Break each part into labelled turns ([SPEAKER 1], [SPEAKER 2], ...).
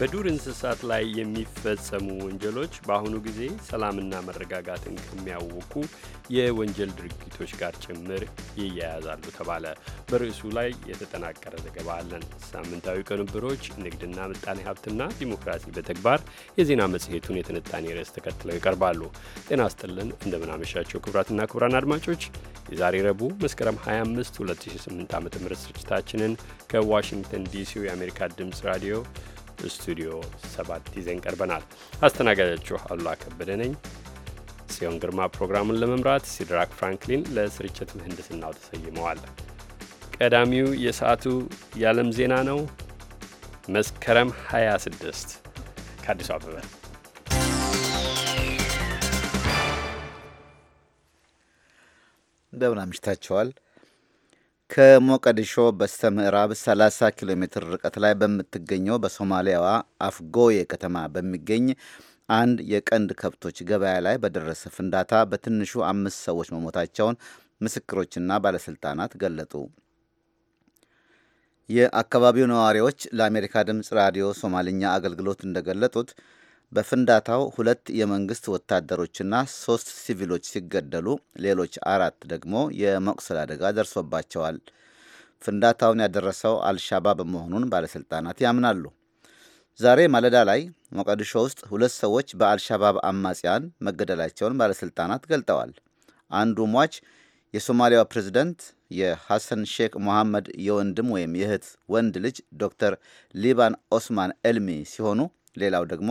[SPEAKER 1] በዱር እንስሳት ላይ የሚፈጸሙ ወንጀሎች በአሁኑ ጊዜ ሰላምና መረጋጋትን ከሚያውኩ የወንጀል ድርጊቶች ጋር ጭምር ይያያዛሉ ተባለ። በርዕሱ ላይ የተጠናቀረ ዘገባ አለን። ሳምንታዊ ቅንብሮች፣ ንግድና ምጣኔ ሀብትና ዲሞክራሲ በተግባር የዜና መጽሔቱን የትንታኔ ርዕስ ተከትለው ይቀርባሉ። ጤና ስጥልን፣ እንደምናመሻቸው ክቡራትና ክቡራን አድማጮች የዛሬ ረቡዕ መስከረም 25 2008 ዓ ም ስርጭታችንን ከዋሽንግተን ዲሲው የአሜሪካ ድምፅ ራዲዮ ስቱዲዮ ሰባት ይዘን ቀርበናል። አስተናጋጃችሁ አሉላ ከበደ ነኝ። ጽዮን ግርማ ፕሮግራሙን ለመምራት ሲድራክ ፍራንክሊን ለስርጭት ምህንድስናው ተሰይመዋል። ቀዳሚው የሰዓቱ የዓለም ዜና ነው። መስከረም 26 ከአዲሱ አበበ
[SPEAKER 2] እንደምን አምሽታችኋል። ከሞቀዲሾ በስተ ምዕራብ 30 ኪሎ ሜትር ርቀት ላይ በምትገኘው በሶማሊያዋ አፍጎዬ ከተማ በሚገኝ አንድ የቀንድ ከብቶች ገበያ ላይ በደረሰ ፍንዳታ በትንሹ አምስት ሰዎች መሞታቸውን ምስክሮችና ባለሥልጣናት ገለጡ። የአካባቢው ነዋሪዎች ለአሜሪካ ድምፅ ራዲዮ ሶማልኛ አገልግሎት እንደገለጡት በፍንዳታው ሁለት የመንግስት ወታደሮችና ሶስት ሲቪሎች ሲገደሉ ሌሎች አራት ደግሞ የመቁሰል አደጋ ደርሶባቸዋል። ፍንዳታውን ያደረሰው አልሻባብ መሆኑን ባለሥልጣናት ያምናሉ። ዛሬ ማለዳ ላይ ሞቃዲሾ ውስጥ ሁለት ሰዎች በአልሻባብ አማጽያን መገደላቸውን ባለሥልጣናት ገልጠዋል። አንዱ ሟች የሶማሊያው ፕሬዚደንት የሐሰን ሼክ ሞሐመድ የወንድም ወይም የእህት ወንድ ልጅ ዶክተር ሊባን ኦስማን ኤልሚ ሲሆኑ ሌላው ደግሞ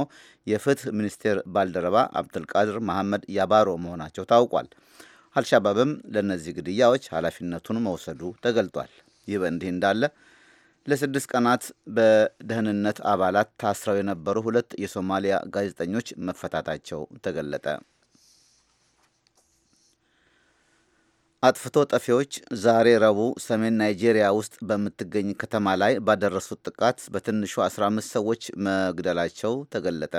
[SPEAKER 2] የፍትህ ሚኒስቴር ባልደረባ አብዱልቃድር መሐመድ ያባሮ መሆናቸው ታውቋል። አልሻባብም ለእነዚህ ግድያዎች ኃላፊነቱን መውሰዱ ተገልጧል። ይህ በእንዲህ እንዳለ ለስድስት ቀናት በደህንነት አባላት ታስረው የነበሩ ሁለት የሶማሊያ ጋዜጠኞች መፈታታቸው ተገለጠ። አጥፍቶ ጠፊዎች ዛሬ ረቡዕ ሰሜን ናይጄሪያ ውስጥ በምትገኝ ከተማ ላይ ባደረሱት ጥቃት በትንሹ 15 ሰዎች መግደላቸው ተገለጠ።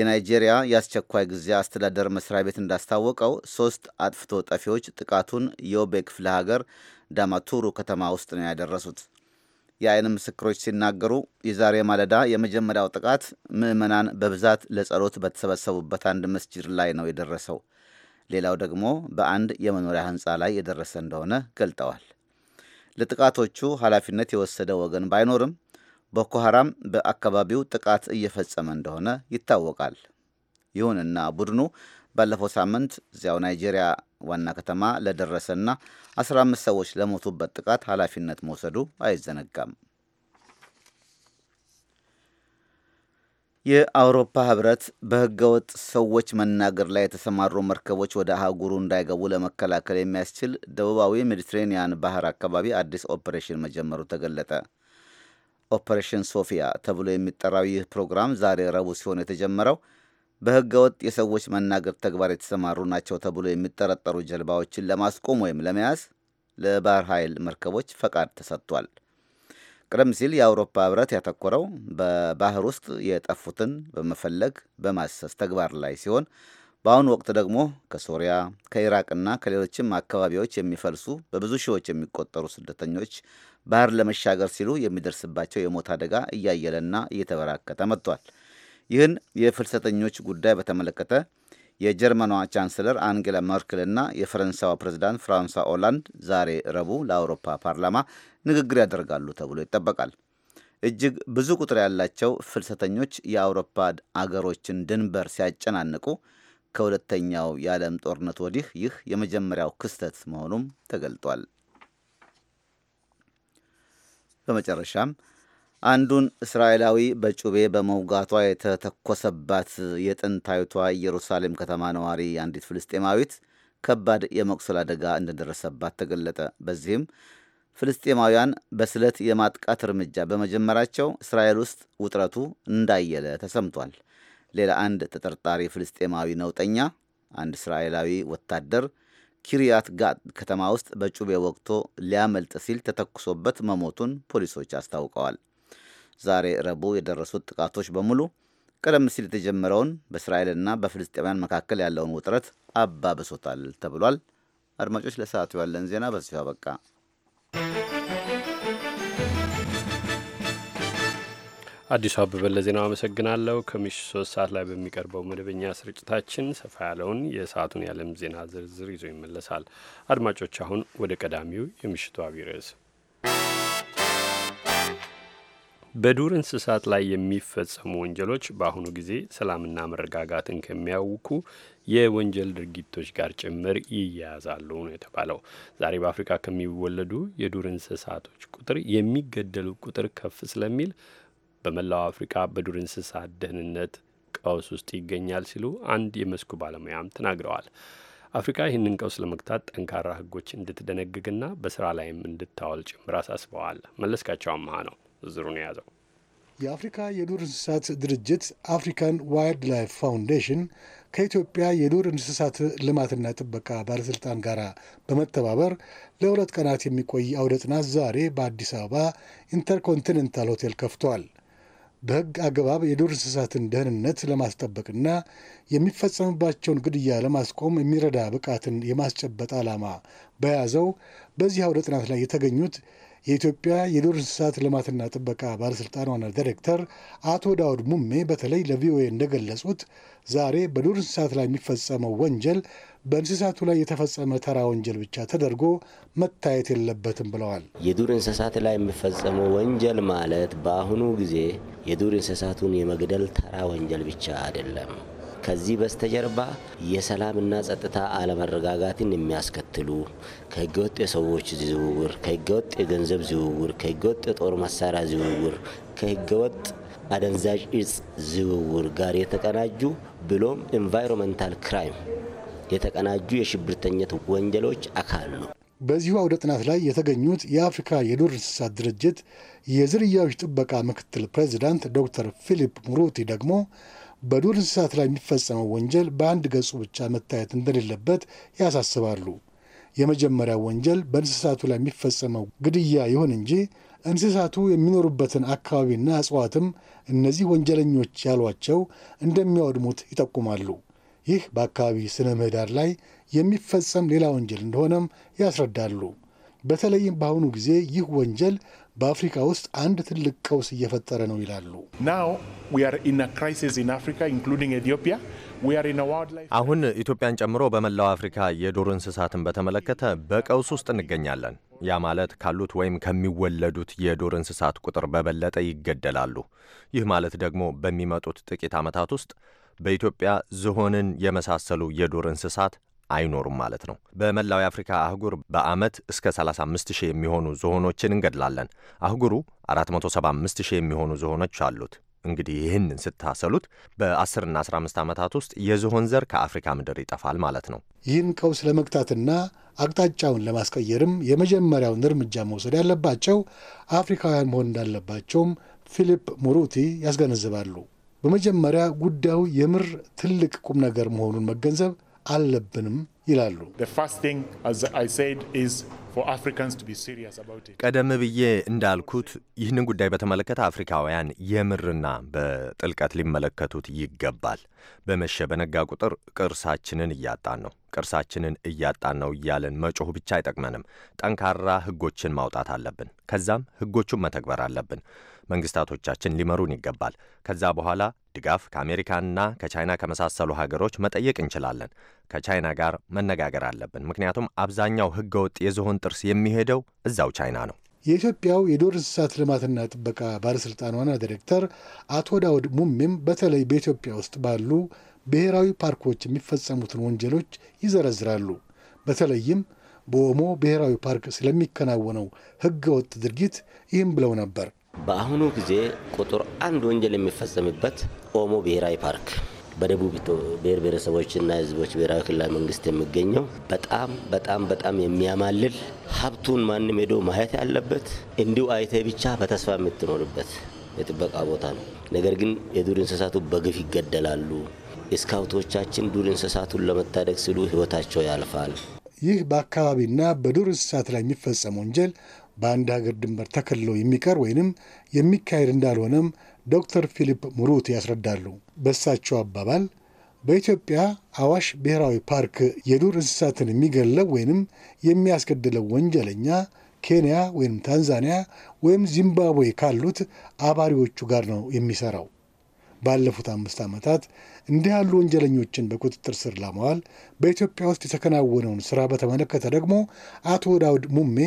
[SPEAKER 2] የናይጄሪያ የአስቸኳይ ጊዜ አስተዳደር መስሪያ ቤት እንዳስታወቀው ሶስት አጥፍቶ ጠፊዎች ጥቃቱን የዮቤ ክፍለ ሀገር ዳማቱሩ ከተማ ውስጥ ነው ያደረሱት። የአይን ምስክሮች ሲናገሩ የዛሬ ማለዳ የመጀመሪያው ጥቃት ምዕመናን በብዛት ለጸሎት በተሰበሰቡበት አንድ መስጂድ ላይ ነው የደረሰው። ሌላው ደግሞ በአንድ የመኖሪያ ህንፃ ላይ የደረሰ እንደሆነ ገልጠዋል። ለጥቃቶቹ ኃላፊነት የወሰደ ወገን ባይኖርም ቦኮ ሐራም በአካባቢው ጥቃት እየፈጸመ እንደሆነ ይታወቃል። ይሁንና ቡድኑ ባለፈው ሳምንት እዚያው ናይጄሪያ ዋና ከተማ ለደረሰና 15 ሰዎች ለሞቱበት ጥቃት ኃላፊነት መውሰዱ አይዘነጋም። የአውሮፓ ህብረት በህገወጥ ሰዎች መናገር ላይ የተሰማሩ መርከቦች ወደ አህጉሩ እንዳይገቡ ለመከላከል የሚያስችል ደቡባዊ ሜዲትሬኒያን ባህር አካባቢ አዲስ ኦፕሬሽን መጀመሩ ተገለጠ። ኦፕሬሽን ሶፊያ ተብሎ የሚጠራው ይህ ፕሮግራም ዛሬ ረቡዕ ሲሆን የተጀመረው በህገወጥ የሰዎች መናገር ተግባር የተሰማሩ ናቸው ተብሎ የሚጠረጠሩ ጀልባዎችን ለማስቆም ወይም ለመያዝ ለባህር ኃይል መርከቦች ፈቃድ ተሰጥቷል። ቀደም ሲል የአውሮፓ ህብረት ያተኮረው በባህር ውስጥ የጠፉትን በመፈለግ በማሰስ ተግባር ላይ ሲሆን በአሁኑ ወቅት ደግሞ ከሶሪያ ከኢራቅና ከሌሎችም አካባቢዎች የሚፈልሱ በብዙ ሺዎች የሚቆጠሩ ስደተኞች ባህር ለመሻገር ሲሉ የሚደርስባቸው የሞት አደጋ እያየለና እየተበራከተ መጥቷል። ይህን የፍልሰተኞች ጉዳይ በተመለከተ የጀርመኗ ቻንስለር አንጌላ መርክልና የፈረንሳዋ ፕሬዚዳንት ፍራንሷ ኦላንድ ዛሬ ረቡዕ ለአውሮፓ ፓርላማ ንግግር ያደርጋሉ ተብሎ ይጠበቃል። እጅግ ብዙ ቁጥር ያላቸው ፍልሰተኞች የአውሮፓ አገሮችን ድንበር ሲያጨናንቁ ከሁለተኛው የዓለም ጦርነት ወዲህ ይህ የመጀመሪያው ክስተት መሆኑም ተገልጧል። በመጨረሻም አንዱን እስራኤላዊ በጩቤ በመውጋቷ የተተኮሰባት የጥንታዊቷ ኢየሩሳሌም ከተማ ነዋሪ አንዲት ፍልስጤማዊት ከባድ የመቁሰል አደጋ እንደደረሰባት ተገለጠ። በዚህም ፍልስጤማውያን በስለት የማጥቃት እርምጃ በመጀመራቸው እስራኤል ውስጥ ውጥረቱ እንዳየለ ተሰምቷል። ሌላ አንድ ተጠርጣሪ ፍልስጤማዊ ነውጠኛ አንድ እስራኤላዊ ወታደር ኪሪያት ጋት ከተማ ውስጥ በጩቤ ወቅቶ ሊያመልጥ ሲል ተተኩሶበት መሞቱን ፖሊሶች አስታውቀዋል። ዛሬ ረቡዕ የደረሱት ጥቃቶች በሙሉ ቀደም ሲል የተጀመረውን በእስራኤልና በፍልስጤማውያን መካከል ያለውን ውጥረት አባብሶታል ተብሏል። አድማጮች፣ ለሰዓቱ ያለን ዜና በዚሁ አበቃ።
[SPEAKER 1] አዲሱ አበበ ለዜናው አመሰግናለሁ። ከምሽቱ ሶስት ሰዓት ላይ በሚቀርበው መደበኛ ስርጭታችን ሰፋ ያለውን የሰዓቱን የዓለም ዜና ዝርዝር ይዞ ይመለሳል። አድማጮች፣ አሁን ወደ ቀዳሚው የምሽቱ አብይ ርዕስ በዱር እንስሳት ላይ የሚፈጸሙ ወንጀሎች በአሁኑ ጊዜ ሰላምና መረጋጋትን ከሚያውኩ የወንጀል ድርጊቶች ጋር ጭምር ይያያዛሉ ነው የተባለው። ዛሬ በአፍሪካ ከሚወለዱ የዱር እንስሳቶች ቁጥር የሚገደሉ ቁጥር ከፍ ስለሚል በመላው አፍሪካ በዱር እንስሳት ደህንነት ቀውስ ውስጥ ይገኛል ሲሉ አንድ የመስኩ ባለሙያም ተናግረዋል። አፍሪካ ይህንን ቀውስ ለመግታት ጠንካራ ሕጎች እንድትደነግግና በስራ ላይም እንድታወል ጭምር አሳስበዋል። መለስካቸው አመሃ ነው። ዝርዝሩን የያዘው
[SPEAKER 3] የአፍሪካ የዱር እንስሳት ድርጅት አፍሪካን ዋይልድ ላይፍ ፋውንዴሽን ከኢትዮጵያ የዱር እንስሳት ልማትና ጥበቃ ባለስልጣን ጋር በመተባበር ለሁለት ቀናት የሚቆይ አውደ ጥናት ዛሬ በአዲስ አበባ ኢንተርኮንቲኔንታል ሆቴል ከፍቷል። በሕግ አግባብ የዱር እንስሳትን ደህንነት ለማስጠበቅና የሚፈጸምባቸውን ግድያ ለማስቆም የሚረዳ ብቃትን የማስጨበጥ ዓላማ በያዘው በዚህ አውደ ጥናት ላይ የተገኙት የኢትዮጵያ የዱር እንስሳት ልማትና ጥበቃ ባለስልጣን ዋና ዳይሬክተር አቶ ዳውድ ሙሜ በተለይ ለቪኦኤ እንደገለጹት ዛሬ በዱር እንስሳት ላይ የሚፈጸመው ወንጀል በእንስሳቱ ላይ የተፈጸመ ተራ ወንጀል ብቻ ተደርጎ መታየት የለበትም ብለዋል።
[SPEAKER 4] የዱር እንስሳት ላይ የሚፈጸመው ወንጀል ማለት በአሁኑ ጊዜ የዱር እንስሳቱን የመግደል ተራ ወንጀል ብቻ አይደለም። ከዚህ በስተጀርባ የሰላምና ጸጥታ አለመረጋጋትን የሚያስከትሉ ከህገወጥ የሰዎች ዝውውር፣ ከህገወጥ የገንዘብ ዝውውር፣ ከህገወጥ የጦር መሳሪያ ዝውውር፣ ከህገወጥ አደንዛዥ እጽ ዝውውር ጋር የተቀናጁ ብሎም ኢንቫይሮመንታል ክራይም የተቀናጁ የሽብርተኝነት ወንጀሎች አካል ነው።
[SPEAKER 3] በዚሁ አውደ ጥናት ላይ የተገኙት የአፍሪካ የዱር እንስሳት ድርጅት የዝርያዎች ጥበቃ ምክትል ፕሬዚዳንት ዶክተር ፊሊፕ ሙሩቲ ደግሞ በዱር እንስሳት ላይ የሚፈጸመው ወንጀል በአንድ ገጹ ብቻ መታየት እንደሌለበት ያሳስባሉ። የመጀመሪያ ወንጀል በእንስሳቱ ላይ የሚፈጸመው ግድያ ይሁን እንጂ እንስሳቱ የሚኖሩበትን አካባቢና እጽዋትም እነዚህ ወንጀለኞች ያሏቸው እንደሚያወድሙት ይጠቁማሉ። ይህ በአካባቢ ስነ ምህዳር ላይ የሚፈጸም ሌላ ወንጀል እንደሆነም ያስረዳሉ። በተለይም በአሁኑ ጊዜ ይህ ወንጀል በአፍሪካ ውስጥ አንድ ትልቅ ቀውስ እየፈጠረ ነው ይላሉ። አሁን ኢትዮጵያን ጨምሮ
[SPEAKER 5] በመላው አፍሪካ የዱር እንስሳትን በተመለከተ በቀውስ ውስጥ እንገኛለን። ያ ማለት ካሉት ወይም ከሚወለዱት የዱር እንስሳት ቁጥር በበለጠ ይገደላሉ። ይህ ማለት ደግሞ በሚመጡት ጥቂት ዓመታት ውስጥ በኢትዮጵያ ዝሆንን የመሳሰሉ የዱር እንስሳት አይኖሩም ማለት ነው። በመላው የአፍሪካ አህጉር በዓመት እስከ 35 የሚሆኑ ዝሆኖችን እንገድላለን። አህጉሩ 475 የሚሆኑ ዝሆኖች አሉት። እንግዲህ ይህንን ስታሰሉት በ10ና 15 ዓመታት ውስጥ የዝሆን ዘር ከአፍሪካ ምድር ይጠፋል ማለት ነው።
[SPEAKER 3] ይህን ቀውስ ለመግታትና አቅጣጫውን ለማስቀየርም የመጀመሪያውን እርምጃ መውሰድ ያለባቸው አፍሪካውያን መሆን እንዳለባቸውም ፊሊፕ ሙሩቲ ያስገነዝባሉ። በመጀመሪያ ጉዳዩ የምር ትልቅ ቁም ነገር መሆኑን መገንዘብ አለብንም ይላሉ።
[SPEAKER 5] ቀደም ብዬ እንዳልኩት ይህንን ጉዳይ በተመለከተ አፍሪካውያን የምርና በጥልቀት ሊመለከቱት ይገባል። በመሸ በነጋ ቁጥር ቅርሳችንን እያጣን ነው፣ ቅርሳችንን እያጣን ነው እያለን መጮሁ ብቻ አይጠቅመንም። ጠንካራ ሕጎችን ማውጣት አለብን። ከዛም ሕጎቹን መተግበር አለብን። መንግስታቶቻችን ሊመሩን ይገባል። ከዛ በኋላ ድጋፍ ከአሜሪካና ከቻይና ከመሳሰሉ ሀገሮች መጠየቅ እንችላለን። ከቻይና ጋር መነጋገር አለብን። ምክንያቱም አብዛኛው ህገወጥ የዝሆን ጥርስ የሚሄደው እዛው ቻይና ነው።
[SPEAKER 3] የኢትዮጵያው የዱር እንስሳት ልማትና ጥበቃ ባለስልጣን ዋና ዲሬክተር አቶ ዳውድ ሙሚም በተለይ በኢትዮጵያ ውስጥ ባሉ ብሔራዊ ፓርኮች የሚፈጸሙትን ወንጀሎች ይዘረዝራሉ። በተለይም በኦሞ ብሔራዊ ፓርክ ስለሚከናወነው ህገወጥ ድርጊት ይህም ብለው ነበር።
[SPEAKER 4] በአሁኑ ጊዜ ቁጥር አንድ ወንጀል የሚፈጸምበት ኦሞ ብሔራዊ ፓርክ በደቡብ ብሔር ብሔረሰቦችና ህዝቦች ብሔራዊ ክልላዊ መንግስት የሚገኘው በጣም በጣም በጣም የሚያማልል ሀብቱን ማንም ሄዶ ማየት ያለበት እንዲሁ አይተ ብቻ በተስፋ የምትኖርበት የጥበቃ ቦታ ነው። ነገር ግን የዱር እንስሳቱ በግፍ ይገደላሉ። ስካውቶቻችን ዱር እንስሳቱን ለመታደግ ሲሉ ህይወታቸው ያልፋል።
[SPEAKER 3] ይህ በአካባቢና በዱር እንስሳት ላይ የሚፈጸም ወንጀል በአንድ ሀገር ድንበር ተከልሎ የሚቀር ወይንም የሚካሄድ እንዳልሆነም ዶክተር ፊሊፕ ሙሩት ያስረዳሉ። በሳቸው አባባል በኢትዮጵያ አዋሽ ብሔራዊ ፓርክ የዱር እንስሳትን የሚገለው ወይንም የሚያስገድለው ወንጀለኛ ኬንያ ወይም ታንዛኒያ ወይም ዚምባብዌ ካሉት አባሪዎቹ ጋር ነው የሚሰራው። ባለፉት አምስት ዓመታት እንዲህ ያሉ ወንጀለኞችን በቁጥጥር ስር ለማዋል በኢትዮጵያ ውስጥ የተከናወነውን ስራ በተመለከተ ደግሞ አቶ ዳውድ ሙሜ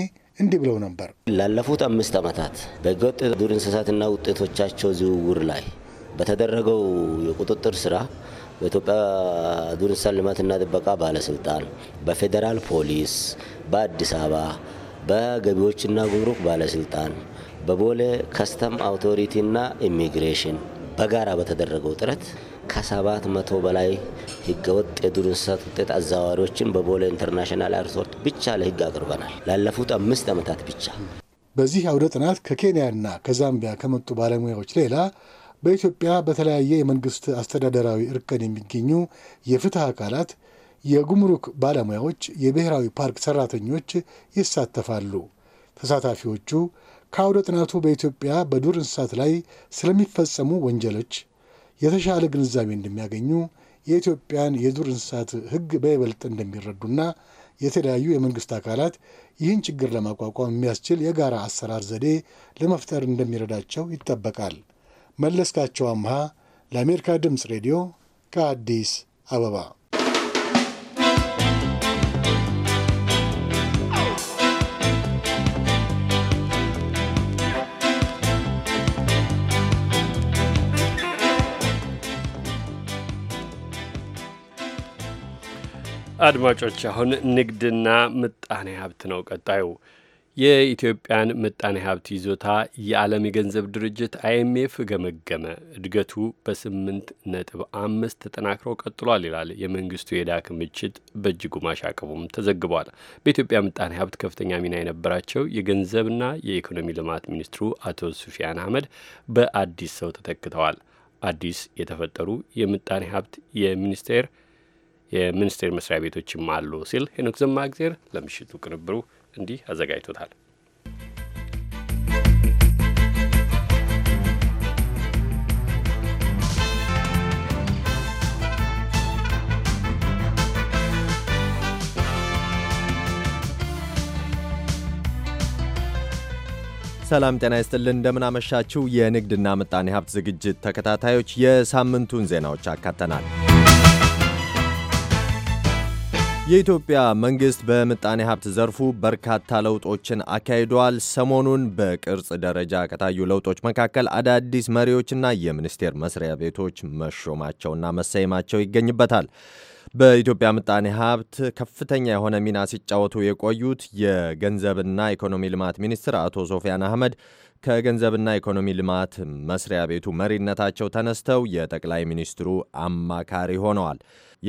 [SPEAKER 3] እንዲህ ብለው ነበር።
[SPEAKER 4] ላለፉት አምስት ዓመታት በህገወጥ ዱር እንስሳትና ውጤቶቻቸው ዝውውር ላይ በተደረገው የቁጥጥር ስራ በኢትዮጵያ ዱር እንስሳት ልማትና ጥበቃ ባለስልጣን፣ በፌዴራል ፖሊስ፣ በአዲስ አበባ በገቢዎችና ጉምሩክ ባለስልጣን፣ በቦሌ ከስተም አውቶሪቲና ኢሚግሬሽን በጋራ በተደረገው ጥረት ከሰባት መቶ በላይ ህገወጥ የዱር እንስሳት ውጤት አዘዋዋሪዎችን በቦሌ ኢንተርናሽናል ኤርፖርት ብቻ ለህግ አቅርበናል። ላለፉት አምስት ዓመታት ብቻ።
[SPEAKER 3] በዚህ አውደ ጥናት ከኬንያና ከዛምቢያ ከመጡ ባለሙያዎች ሌላ በኢትዮጵያ በተለያየ የመንግስት አስተዳደራዊ እርከን የሚገኙ የፍትህ አካላት፣ የጉምሩክ ባለሙያዎች፣ የብሔራዊ ፓርክ ሰራተኞች ይሳተፋሉ። ተሳታፊዎቹ ከአውደ ጥናቱ በኢትዮጵያ በዱር እንስሳት ላይ ስለሚፈጸሙ ወንጀሎች የተሻለ ግንዛቤ እንደሚያገኙ የኢትዮጵያን የዱር እንስሳት ሕግ በይበልጥ እንደሚረዱና የተለያዩ የመንግስት አካላት ይህን ችግር ለማቋቋም የሚያስችል የጋራ አሰራር ዘዴ ለመፍጠር እንደሚረዳቸው ይጠበቃል። መለስካቸው አምሃ ለአሜሪካ ድምፅ ሬዲዮ ከአዲስ አበባ
[SPEAKER 1] አድማጮች አሁን ንግድና ምጣኔ ሀብት ነው ቀጣዩ። የኢትዮጵያን ምጣኔ ሀብት ይዞታ የዓለም የገንዘብ ድርጅት አይኤምኤፍ ገመገመ። እድገቱ በስምንት ነጥብ አምስት ተጠናክሮ ቀጥሏል ይላል። የመንግስቱ የዕዳ ክምችት በእጅጉ ማሻቀቡም ተዘግቧል። በኢትዮጵያ ምጣኔ ሀብት ከፍተኛ ሚና የነበራቸው የገንዘብና የኢኮኖሚ ልማት ሚኒስትሩ አቶ ሱፊያን አህመድ በአዲስ ሰው ተተክተዋል። አዲስ የተፈጠሩ የምጣኔ ሀብት የሚኒስቴር የሚኒስቴር መስሪያ ቤቶችም አሉ ሲል ሄኖክ ዘማእግዜር ለምሽቱ ቅንብሩ እንዲህ አዘጋጅቶታል።
[SPEAKER 5] ሰላም ጤና ይስጥልን። እንደምናመሻችው የንግድና ምጣኔ ሀብት ዝግጅት ተከታታዮች የሳምንቱን ዜናዎች አካተናል። የኢትዮጵያ መንግስት በምጣኔ ሀብት ዘርፉ በርካታ ለውጦችን አካሂዷል። ሰሞኑን በቅርጽ ደረጃ ከታዩ ለውጦች መካከል አዳዲስ መሪዎችና የሚኒስቴር መስሪያ ቤቶች መሾማቸውና መሰየማቸው ይገኝበታል። በኢትዮጵያ ምጣኔ ሀብት ከፍተኛ የሆነ ሚና ሲጫወቱ የቆዩት የገንዘብና ኢኮኖሚ ልማት ሚኒስትር አቶ ሶፊያን አህመድ ከገንዘብና ኢኮኖሚ ልማት መስሪያ ቤቱ መሪነታቸው ተነስተው የጠቅላይ ሚኒስትሩ አማካሪ ሆነዋል።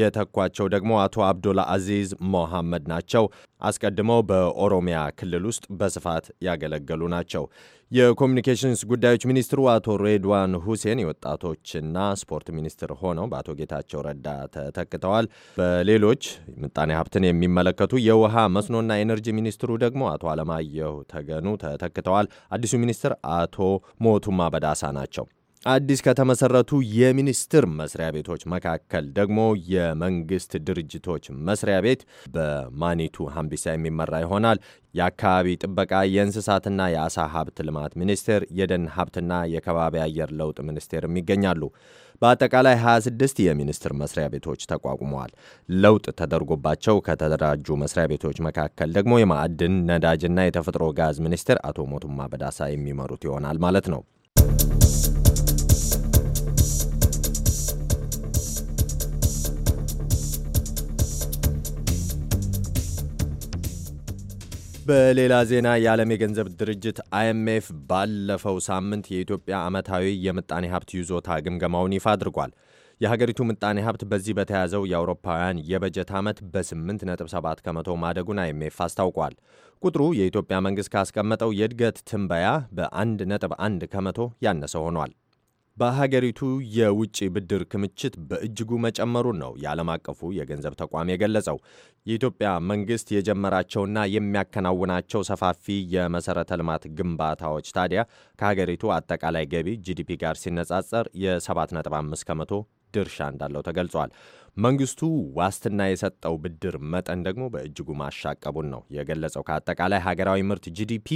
[SPEAKER 5] የተኳቸው ደግሞ አቶ አብዶላ አዚዝ ሞሐመድ ናቸው። አስቀድመው በኦሮሚያ ክልል ውስጥ በስፋት ያገለገሉ ናቸው። የኮሚኒኬሽንስ ጉዳዮች ሚኒስትሩ አቶ ሬድዋን ሁሴን የወጣቶችና ስፖርት ሚኒስትር ሆነው በአቶ ጌታቸው ረዳ ተተክተዋል። በሌሎች ምጣኔ ሀብትን የሚመለከቱ የውሃ መስኖና ኤነርጂ ሚኒስትሩ ደግሞ አቶ አለማየሁ ተገኑ ተተክተዋል። አዲሱ ሚኒስትር አቶ ሞቱማ በዳሳ ናቸው። አዲስ ከተመሰረቱ የሚኒስቴር መስሪያ ቤቶች መካከል ደግሞ የመንግስት ድርጅቶች መስሪያ ቤት በማኒቱ ሀምቢሳ የሚመራ ይሆናል። የአካባቢ ጥበቃ፣ የእንስሳትና የአሳ ሀብት ልማት ሚኒስቴር፣ የደን ሀብትና የከባቢ አየር ለውጥ ሚኒስቴርም ይገኛሉ። በአጠቃላይ 26 የሚኒስቴር መስሪያ ቤቶች ተቋቁመዋል። ለውጥ ተደርጎባቸው ከተደራጁ መስሪያ ቤቶች መካከል ደግሞ የማዕድን ነዳጅና የተፈጥሮ ጋዝ ሚኒስቴር አቶ ሞቱማ በዳሳ የሚመሩት ይሆናል ማለት ነው። በሌላ ዜና የዓለም የገንዘብ ድርጅት አይኤምኤፍ ባለፈው ሳምንት የኢትዮጵያ ዓመታዊ የምጣኔ ሀብት ይዞታ ግምገማውን ይፋ አድርጓል። የሀገሪቱ ምጣኔ ሀብት በዚህ በተያዘው የአውሮፓውያን የበጀት ዓመት በ8.7 ከመቶ ማደጉን አይኤምኤፍ አስታውቋል። ቁጥሩ የኢትዮጵያ መንግሥት ካስቀመጠው የእድገት ትንበያ በ1.1 ከመቶ ያነሰ ሆኗል። በሀገሪቱ የውጭ ብድር ክምችት በእጅጉ መጨመሩን ነው የዓለም አቀፉ የገንዘብ ተቋም የገለጸው። የኢትዮጵያ መንግሥት የጀመራቸውና የሚያከናውናቸው ሰፋፊ የመሠረተ ልማት ግንባታዎች ታዲያ ከሀገሪቱ አጠቃላይ ገቢ ጂዲፒ ጋር ሲነጻጸር የ7.5 ከመቶ ድርሻ እንዳለው ተገልጿል። መንግስቱ ዋስትና የሰጠው ብድር መጠን ደግሞ በእጅጉ ማሻቀቡን ነው የገለጸው። ከአጠቃላይ ሀገራዊ ምርት ጂዲፒ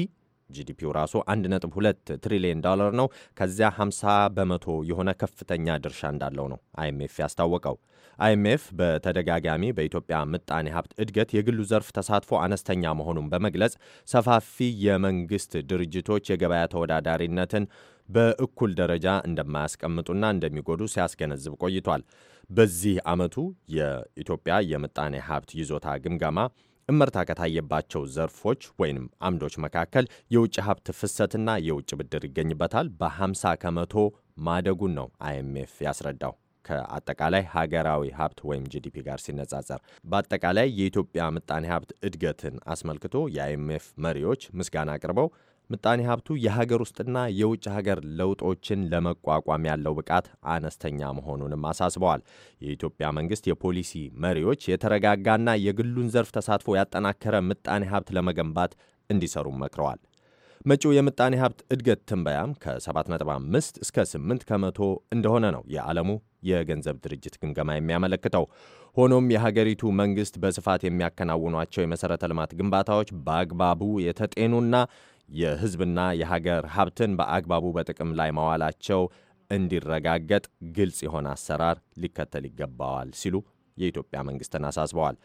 [SPEAKER 5] ጂዲፒው ራሱ 1.2 ትሪሊየን ዶላር ነው። ከዚያ 50 በመቶ የሆነ ከፍተኛ ድርሻ እንዳለው ነው አይኤምኤፍ ያስታወቀው። አይኤምኤፍ በተደጋጋሚ በኢትዮጵያ ምጣኔ ሀብት እድገት የግሉ ዘርፍ ተሳትፎ አነስተኛ መሆኑን በመግለጽ ሰፋፊ የመንግስት ድርጅቶች የገበያ ተወዳዳሪነትን በእኩል ደረጃ እንደማያስቀምጡና እንደሚጎዱ ሲያስገነዝብ ቆይቷል። በዚህ ዓመቱ የኢትዮጵያ የምጣኔ ሀብት ይዞታ ግምገማ እመርታ ከታየባቸው ዘርፎች ወይም አምዶች መካከል የውጭ ሀብት ፍሰትና የውጭ ብድር ይገኝበታል። በ50 ከመቶ ማደጉን ነው አይኤምኤፍ ያስረዳው ከአጠቃላይ ሀገራዊ ሀብት ወይም ጂዲፒ ጋር ሲነጻጸር። በአጠቃላይ የኢትዮጵያ ምጣኔ ሀብት እድገትን አስመልክቶ የአይኤምኤፍ መሪዎች ምስጋና አቅርበው ምጣኔ ሀብቱ የሀገር ውስጥና የውጭ ሀገር ለውጦችን ለመቋቋም ያለው ብቃት አነስተኛ መሆኑንም አሳስበዋል። የኢትዮጵያ መንግስት የፖሊሲ መሪዎች የተረጋጋና የግሉን ዘርፍ ተሳትፎ ያጠናከረ ምጣኔ ሀብት ለመገንባት እንዲሰሩም መክረዋል። መጪው የምጣኔ ሀብት እድገት ትንበያም ከ7.5 እስከ 8 ከመቶ እንደሆነ ነው የዓለሙ የገንዘብ ድርጅት ግምገማ የሚያመለክተው። ሆኖም የሀገሪቱ መንግስት በስፋት የሚያከናውኗቸው የመሠረተ ልማት ግንባታዎች በአግባቡ የተጤኑና የሕዝብና የሀገር ሀብትን በአግባቡ በጥቅም ላይ ማዋላቸው እንዲረጋገጥ ግልጽ የሆነ አሰራር ሊከተል ይገባዋል ሲሉ የኢትዮጵያ መንግስትን አሳስበዋል።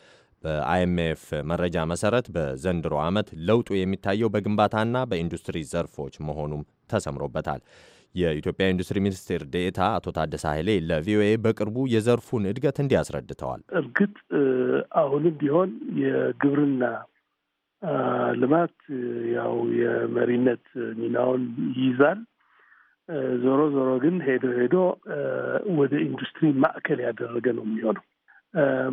[SPEAKER 5] በአይኤምኤፍ መረጃ መሰረት በዘንድሮ ዓመት ለውጡ የሚታየው በግንባታና በኢንዱስትሪ ዘርፎች መሆኑም ተሰምሮበታል። የኢትዮጵያ ኢንዱስትሪ ሚኒስቴር ዴኤታ አቶ ታደሰ ኃይሌ ለቪኦኤ በቅርቡ የዘርፉን እድገት እንዲህ አስረድተዋል።
[SPEAKER 6] እርግጥ አሁንም ቢሆን የግብርና ልማት ያው የመሪነት ሚናውን ይይዛል። ዞሮ ዞሮ ግን ሄዶ ሄዶ ወደ ኢንዱስትሪ ማዕከል ያደረገ ነው የሚሆነው።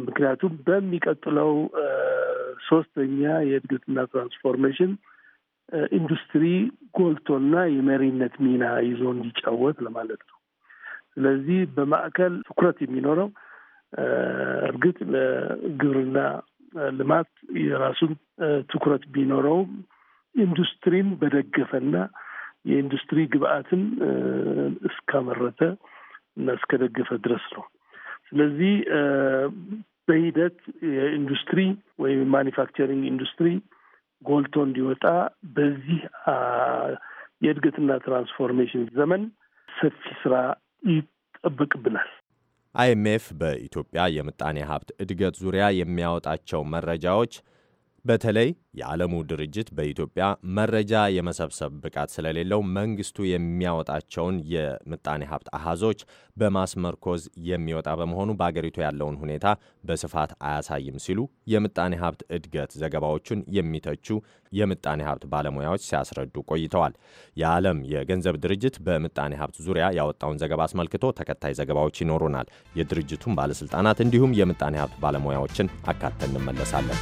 [SPEAKER 6] ምክንያቱም በሚቀጥለው ሶስተኛ የእድገትና ትራንስፎርሜሽን ኢንዱስትሪ ጎልቶና የመሪነት ሚና ይዞ እንዲጫወት ለማለት ነው። ስለዚህ በማዕከል ትኩረት የሚኖረው እርግጥ ለግብርና ልማት የራሱን ትኩረት ቢኖረውም ኢንዱስትሪን በደገፈና የኢንዱስትሪ ግብአትን እስካመረተ እና እስከደገፈ ድረስ ነው። ስለዚህ በሂደት የኢንዱስትሪ ወይም የማኒፋክቸሪንግ ኢንዱስትሪ ጎልቶ እንዲወጣ በዚህ የእድገትና ትራንስፎርሜሽን ዘመን ሰፊ ስራ ይጠበቅብናል።
[SPEAKER 5] አይኤምኤፍ በኢትዮጵያ የምጣኔ ሀብት እድገት ዙሪያ የሚያወጣቸው መረጃዎች በተለይ የዓለሙ ድርጅት በኢትዮጵያ መረጃ የመሰብሰብ ብቃት ስለሌለው መንግስቱ የሚያወጣቸውን የምጣኔ ሀብት አሃዞች በማስመርኮዝ የሚወጣ በመሆኑ በአገሪቱ ያለውን ሁኔታ በስፋት አያሳይም ሲሉ የምጣኔ ሀብት እድገት ዘገባዎቹን የሚተቹ የምጣኔ ሀብት ባለሙያዎች ሲያስረዱ ቆይተዋል። የዓለም የገንዘብ ድርጅት በምጣኔ ሀብት ዙሪያ ያወጣውን ዘገባ አስመልክቶ ተከታይ ዘገባዎች ይኖሩናል። የድርጅቱን ባለስልጣናት እንዲሁም የምጣኔ ሀብት ባለሙያዎችን አካተን እንመለሳለን።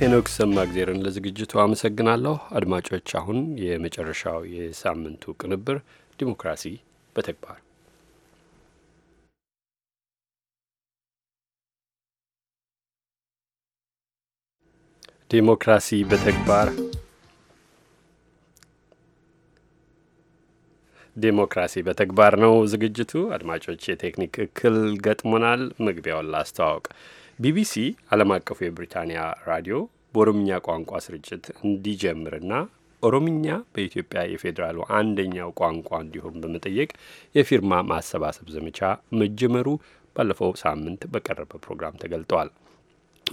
[SPEAKER 1] ሄኖክ ሰማግዜርን ለዝግጅቱ አመሰግናለሁ። አድማጮች፣ አሁን የመጨረሻው የሳምንቱ ቅንብር ዲሞክራሲ በተግባር ዲሞክራሲ በተግባር ዴሞክራሲ በተግባር ነው ዝግጅቱ። አድማጮች፣ የቴክኒክ እክል ገጥሞናል። መግቢያውን ላስተዋወቅ ቢቢሲ ዓለም አቀፉ የብሪታንያ ራዲዮ በኦሮምኛ ቋንቋ ስርጭት እንዲጀምርና ኦሮምኛ በኢትዮጵያ የፌዴራሉ አንደኛው ቋንቋ እንዲሆን በመጠየቅ የፊርማ ማሰባሰብ ዘመቻ መጀመሩ ባለፈው ሳምንት በቀረበ ፕሮግራም ተገልጠዋል።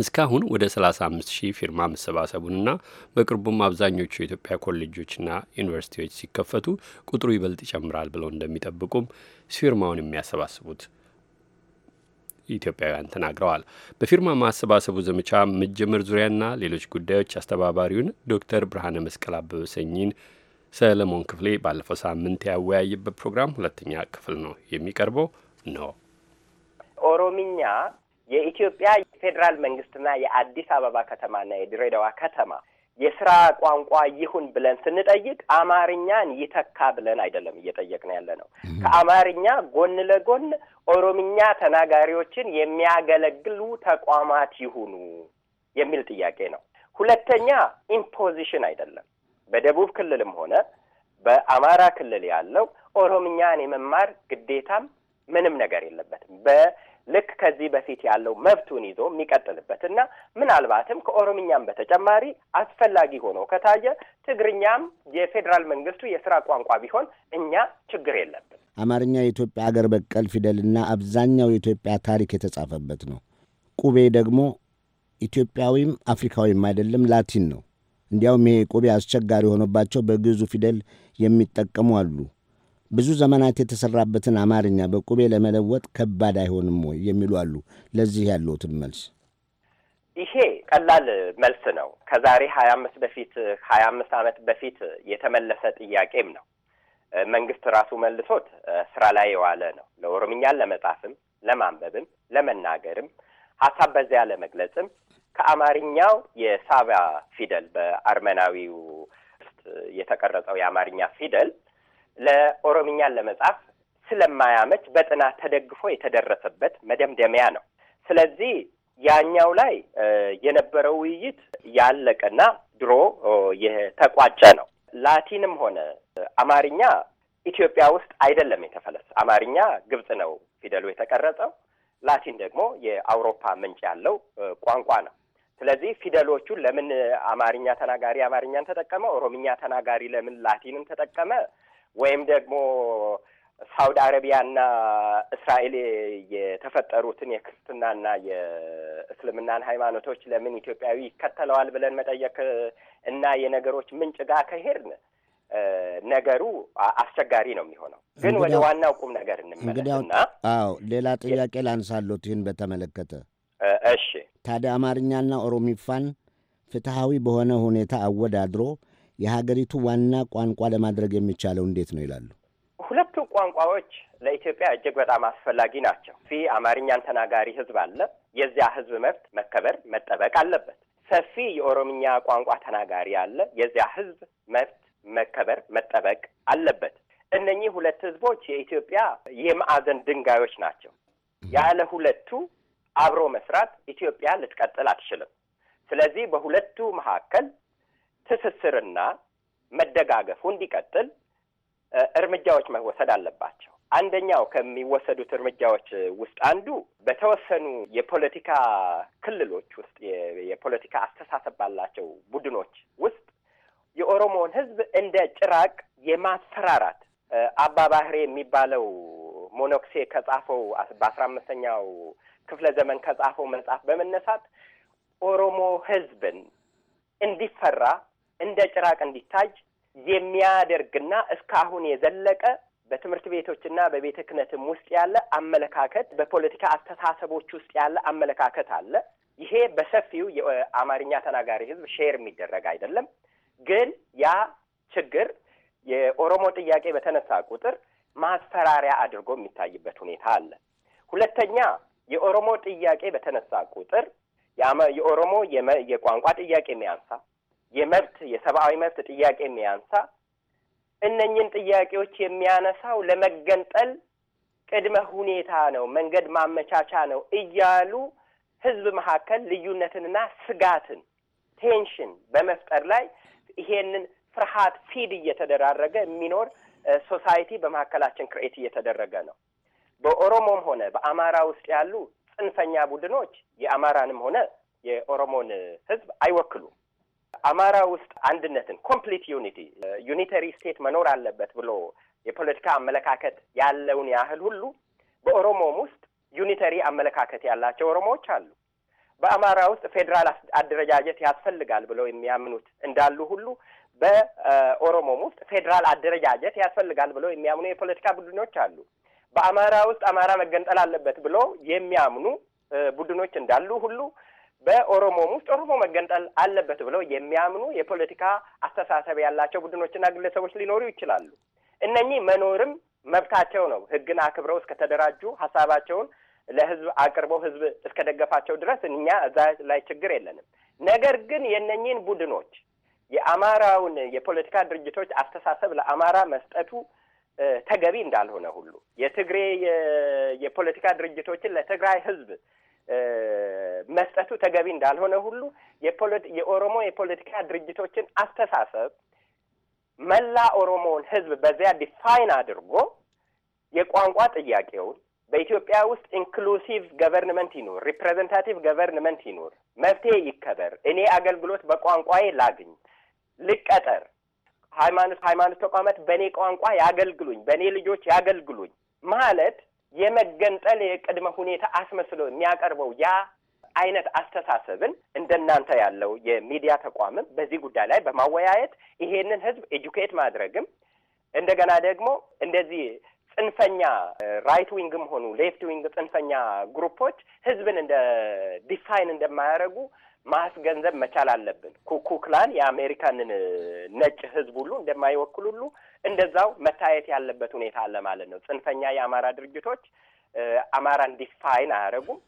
[SPEAKER 1] እስካሁን ወደ 35 ሺህ ፊርማ መሰባሰቡንና በቅርቡም አብዛኞቹ የኢትዮጵያ ኮሌጆችና ዩኒቨርሲቲዎች ሲከፈቱ ቁጥሩ ይበልጥ ይጨምራል ብለው እንደሚጠብቁም ፊርማውን የሚያሰባስቡት ኢትዮጵያውያን ተናግረዋል። በፊርማ ማሰባሰቡ ዘመቻ መጀመር ዙሪያና ሌሎች ጉዳዮች አስተባባሪውን ዶክተር ብርሃነ መስቀል አበበ ሰለሞን ክፍሌ ባለፈው ሳምንት ያወያየበት ፕሮግራም ሁለተኛ ክፍል ነው የሚቀርበው ነው።
[SPEAKER 7] ኦሮሚኛ የኢትዮጵያ የፌዴራል መንግስትና የአዲስ አበባ ከተማና የድሬዳዋ ከተማ የስራ ቋንቋ ይሁን ብለን ስንጠይቅ አማርኛን ይተካ ብለን አይደለም እየጠየቅን ያለ ነው። ከአማርኛ ጎን ለጎን ኦሮምኛ ተናጋሪዎችን የሚያገለግሉ ተቋማት ይሁኑ የሚል ጥያቄ ነው። ሁለተኛ ኢምፖዚሽን አይደለም። በደቡብ ክልልም ሆነ በአማራ ክልል ያለው ኦሮምኛን የመማር ግዴታም ምንም ነገር የለበትም። ልክ ከዚህ በፊት ያለው መብቱን ይዞ የሚቀጥልበት እና ምናልባትም ከኦሮምኛም በተጨማሪ አስፈላጊ ሆኖ ከታየ ትግርኛም የፌዴራል መንግስቱ የስራ ቋንቋ ቢሆን እኛ ችግር የለብን።
[SPEAKER 8] አማርኛ የኢትዮጵያ አገር በቀል ፊደልና አብዛኛው የኢትዮጵያ ታሪክ የተጻፈበት ነው። ቁቤ ደግሞ ኢትዮጵያዊም አፍሪካዊም አይደለም፣ ላቲን ነው። እንዲያውም ይሄ ቁቤ አስቸጋሪ የሆነባቸው በግዕዙ ፊደል የሚጠቀሙ አሉ። ብዙ ዘመናት የተሰራበትን አማርኛ በቁቤ ለመለወጥ ከባድ አይሆንም ወይ የሚሉ አሉ። ለዚህ ያለዎትን መልስ።
[SPEAKER 7] ይሄ ቀላል መልስ ነው። ከዛሬ ሀያ አምስት በፊት ሀያ አምስት ዓመት በፊት የተመለሰ ጥያቄም ነው። መንግስት ራሱ መልሶት ስራ ላይ የዋለ ነው። ለኦሮምኛን ለመጻፍም ለማንበብም ለመናገርም ሀሳብ በዚያ ለመግለጽም ከአማርኛው የሳባ ፊደል በአርመናዊው ውስጥ የተቀረጸው የአማርኛ ፊደል ለኦሮምኛን ለመጻፍ ስለማያመች በጥናት ተደግፎ የተደረሰበት መደምደሚያ ነው። ስለዚህ ያኛው ላይ የነበረው ውይይት ያለቀና ድሮ የተቋጨ ነው። ላቲንም ሆነ አማርኛ ኢትዮጵያ ውስጥ አይደለም የተፈለስ አማርኛ ግብጽ ነው ፊደሉ የተቀረጸው። ላቲን ደግሞ የአውሮፓ ምንጭ ያለው ቋንቋ ነው። ስለዚህ ፊደሎቹን ለምን አማርኛ ተናጋሪ አማርኛን ተጠቀመ፣ ኦሮምኛ ተናጋሪ ለምን ላቲንን ተጠቀመ ወይም ደግሞ ሳውዲ አረቢያና እስራኤል የተፈጠሩትን የክርስትናና የእስልምናን ሃይማኖቶች ለምን ኢትዮጵያዊ ይከተለዋል ብለን መጠየቅ እና የነገሮች ምንጭ ጋር ከሄድን ነገሩ አስቸጋሪ ነው የሚሆነው። ግን ወደ ዋናው ቁም ነገር እንመለስና
[SPEAKER 8] አዎ፣ ሌላ ጥያቄ ላንሳሎት ይህን በተመለከተ እሺ። ታዲያ አማርኛና ኦሮሚፋን ፍትሐዊ በሆነ ሁኔታ አወዳድሮ የሀገሪቱ ዋና ቋንቋ ለማድረግ የሚቻለው እንዴት ነው ይላሉ።
[SPEAKER 7] ሁለቱ ቋንቋዎች ለኢትዮጵያ እጅግ በጣም አስፈላጊ ናቸው። ፊ አማርኛን ተናጋሪ ህዝብ አለ። የዚያ ህዝብ መብት መከበር መጠበቅ አለበት። ሰፊ የኦሮምኛ ቋንቋ ተናጋሪ አለ። የዚያ ህዝብ መብት መከበር መጠበቅ አለበት። እነኚህ ሁለት ህዝቦች የኢትዮጵያ የማዕዘን ድንጋዮች ናቸው። ያለ ሁለቱ አብሮ መስራት ኢትዮጵያ ልትቀጥል አትችልም። ስለዚህ በሁለቱ መካከል ትስስርና መደጋገፉ እንዲቀጥል እርምጃዎች መወሰድ አለባቸው። አንደኛው ከሚወሰዱት እርምጃዎች ውስጥ አንዱ በተወሰኑ የፖለቲካ ክልሎች ውስጥ የፖለቲካ አስተሳሰብ ባላቸው ቡድኖች ውስጥ የኦሮሞውን ሕዝብ እንደ ጭራቅ የማሰራራት አባባህሬ የሚባለው ሞኖክሴ ከጻፈው በአስራ አምስተኛው ክፍለ ዘመን ከጻፈው መጽሐፍ በመነሳት ኦሮሞ ሕዝብን እንዲፈራ እንደ ጭራቅ እንዲታይ የሚያደርግና እስካሁን የዘለቀ በትምህርት ቤቶችና በቤተ ክህነትም ውስጥ ያለ አመለካከት፣ በፖለቲካ አስተሳሰቦች ውስጥ ያለ አመለካከት አለ። ይሄ በሰፊው የአማርኛ ተናጋሪ ህዝብ ሼር የሚደረግ አይደለም። ግን ያ ችግር የኦሮሞ ጥያቄ በተነሳ ቁጥር ማስፈራሪያ አድርጎ የሚታይበት ሁኔታ አለ። ሁለተኛ የኦሮሞ ጥያቄ በተነሳ ቁጥር የኦሮሞ የቋንቋ ጥያቄ የሚያንሳ የመብት የሰብአዊ መብት ጥያቄ የሚያንሳ እነኝን ጥያቄዎች የሚያነሳው ለመገንጠል ቅድመ ሁኔታ ነው፣ መንገድ ማመቻቻ ነው እያሉ ህዝብ መካከል ልዩነትንና ስጋትን ቴንሽን በመፍጠር ላይ ይሄንን ፍርሃት ፊድ እየተደራረገ የሚኖር ሶሳይቲ በመካከላችን ክርኤት እየተደረገ ነው። በኦሮሞም ሆነ በአማራ ውስጥ ያሉ ጽንፈኛ ቡድኖች የአማራንም ሆነ የኦሮሞን ህዝብ አይወክሉም። አማራ ውስጥ አንድነትን ኮምፕሊት ዩኒቲ ዩኒተሪ ስቴት መኖር አለበት ብሎ የፖለቲካ አመለካከት ያለውን ያህል ሁሉ በኦሮሞም ውስጥ ዩኒተሪ አመለካከት ያላቸው ኦሮሞዎች አሉ። በአማራ ውስጥ ፌዴራል አደረጃጀት ያስፈልጋል ብለው የሚያምኑት እንዳሉ ሁሉ በኦሮሞም ውስጥ ፌዴራል አደረጃጀት ያስፈልጋል ብለው የሚያምኑ የፖለቲካ ቡድኖች አሉ። በአማራ ውስጥ አማራ መገንጠል አለበት ብለው የሚያምኑ ቡድኖች እንዳሉ ሁሉ በኦሮሞም ውስጥ ኦሮሞ መገንጠል አለበት ብለው የሚያምኑ የፖለቲካ አስተሳሰብ ያላቸው ቡድኖችና ግለሰቦች ሊኖሩ ይችላሉ። እነኚህ መኖርም መብታቸው ነው። ህግን አክብረው እስከተደራጁ ሀሳባቸውን ለህዝብ አቅርበው ህዝብ እስከደገፋቸው ድረስ እኛ እዛ ላይ ችግር የለንም። ነገር ግን የእነኚህን ቡድኖች የአማራውን የፖለቲካ ድርጅቶች አስተሳሰብ ለአማራ መስጠቱ ተገቢ እንዳልሆነ ሁሉ የትግሬ የፖለቲካ ድርጅቶችን ለትግራይ ህዝብ መስጠቱ ተገቢ እንዳልሆነ ሁሉ የኦሮሞ የፖለቲካ ድርጅቶችን አስተሳሰብ መላ ኦሮሞውን ህዝብ በዚያ ዲፋይን አድርጎ የቋንቋ ጥያቄውን በኢትዮጵያ ውስጥ ኢንክሉሲቭ ገቨርንመንት ይኖር፣ ሪፕሬዘንታቲቭ ገቨርንመንት ይኖር፣ መፍትሄ ይከበር፣ እኔ አገልግሎት በቋንቋዬ ላግኝ፣ ልቀጠር፣ ሃይማኖት ሃይማኖት ተቋማት በእኔ ቋንቋ ያገልግሉኝ፣ በእኔ ልጆች ያገልግሉኝ ማለት የመገንጠል የቅድመ ሁኔታ አስመስሎ የሚያቀርበው ያ አይነት አስተሳሰብን እንደናንተ ያለው የሚዲያ ተቋምም በዚህ ጉዳይ ላይ በማወያየት ይሄንን ህዝብ ኤጁኬት ማድረግም እንደገና ደግሞ እንደዚህ ጽንፈኛ ራይት ዊንግም ሆኑ ሌፍት ዊንግ ጽንፈኛ ግሩፖች ህዝብን እንደ ዲፋይን እንደማያደርጉ ማስገንዘብ መቻል አለብን። ኩኩክላን የአሜሪካንን ነጭ ህዝብ ሁሉ እንደማይወክል ሁሉ እንደዛው መታየት ያለበት ሁኔታ አለ ማለት ነው። ጽንፈኛ የአማራ ድርጅቶች አማራን ዲፋይን አያደረጉም።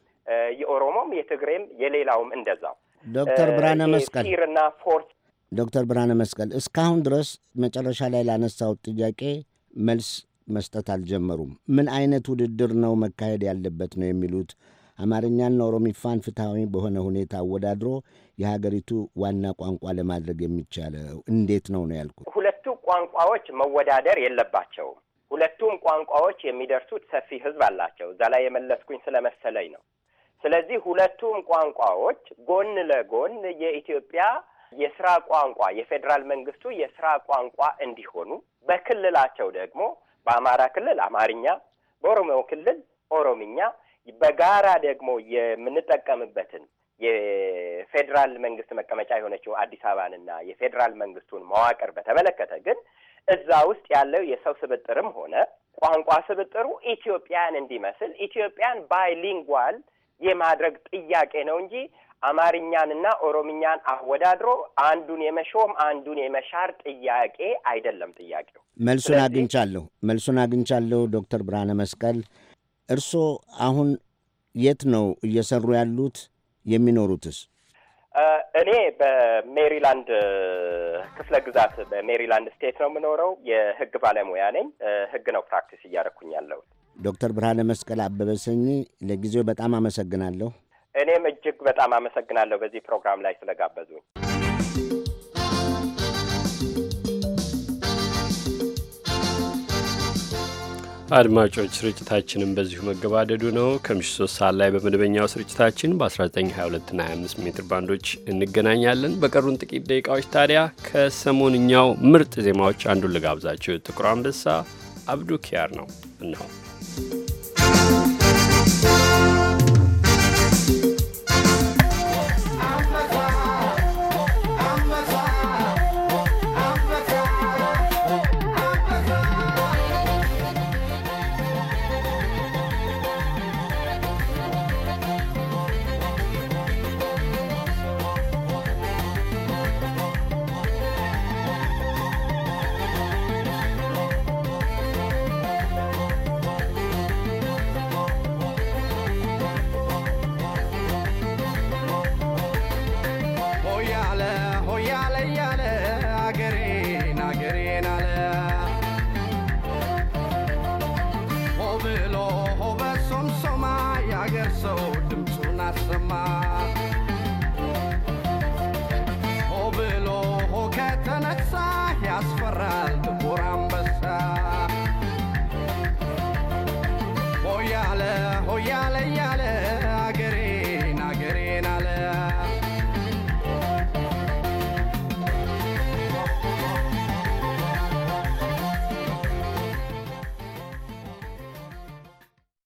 [SPEAKER 7] የኦሮሞም፣ የትግሬም፣ የሌላውም እንደዛው።
[SPEAKER 6] ዶክተር ብርሃነ መስቀል
[SPEAKER 7] ቲርና
[SPEAKER 8] ፎርስ ዶክተር ብርሃነ መስቀል እስካሁን ድረስ መጨረሻ ላይ ላነሳሁት ጥያቄ መልስ መስጠት አልጀመሩም። ምን አይነት ውድድር ነው መካሄድ ያለበት ነው የሚሉት? አማርኛና ኦሮሚፋን ፍትሐዊ በሆነ ሁኔታ አወዳድሮ የሀገሪቱ ዋና ቋንቋ ለማድረግ የሚቻለው እንዴት ነው ነው ያልኩት።
[SPEAKER 7] ቋንቋዎች መወዳደር የለባቸውም። ሁለቱም ቋንቋዎች የሚደርሱት ሰፊ ህዝብ አላቸው። እዛ ላይ የመለስኩኝ ስለመሰለኝ ነው። ስለዚህ ሁለቱም ቋንቋዎች ጎን ለጎን የኢትዮጵያ የስራ ቋንቋ የፌዴራል መንግስቱ የስራ ቋንቋ እንዲሆኑ በክልላቸው ደግሞ በአማራ ክልል አማርኛ፣ በኦሮሞ ክልል ኦሮምኛ በጋራ ደግሞ የምንጠቀምበትን የፌዴራል መንግስት መቀመጫ የሆነችው አዲስ አበባንና የፌዴራል መንግስቱን መዋቅር በተመለከተ ግን እዛ ውስጥ ያለው የሰው ስብጥርም ሆነ ቋንቋ ስብጥሩ ኢትዮጵያን እንዲመስል ኢትዮጵያን ባይሊንጓል የማድረግ ጥያቄ ነው እንጂ አማርኛንና ኦሮምኛን አወዳድሮ አንዱን የመሾም አንዱን የመሻር ጥያቄ አይደለም። ጥያቄው
[SPEAKER 8] መልሱን አግኝቻለሁ። መልሱን አግኝቻለሁ። ዶክተር ብርሃነ መስቀል እርስዎ አሁን የት ነው እየሰሩ ያሉት? የሚኖሩትስ?
[SPEAKER 7] እኔ በሜሪላንድ ክፍለ ግዛት በሜሪላንድ ስቴት ነው የምኖረው። የህግ ባለሙያ ነኝ። ህግ ነው ፕራክቲስ እያደረኩኝ ያለው።
[SPEAKER 8] ዶክተር ብርሃነ መስቀል አበበ ለጊዜው በጣም አመሰግናለሁ።
[SPEAKER 7] እኔም እጅግ በጣም አመሰግናለሁ በዚህ ፕሮግራም ላይ ስለጋበዙኝ።
[SPEAKER 1] አድማጮች ስርጭታችንን በዚሁ መገባደዱ ነው። ከምሽቱ ሶስት ሰዓት ላይ በመደበኛው ስርጭታችን በ1922 እና 25 ሜትር ባንዶች እንገናኛለን። በቀሩን ጥቂት ደቂቃዎች ታዲያ ከሰሞንኛው ምርጥ ዜማዎች አንዱን ልጋብዛችሁ። ጥቁር አንበሳ አብዱ ኪያር ነው እነሆ።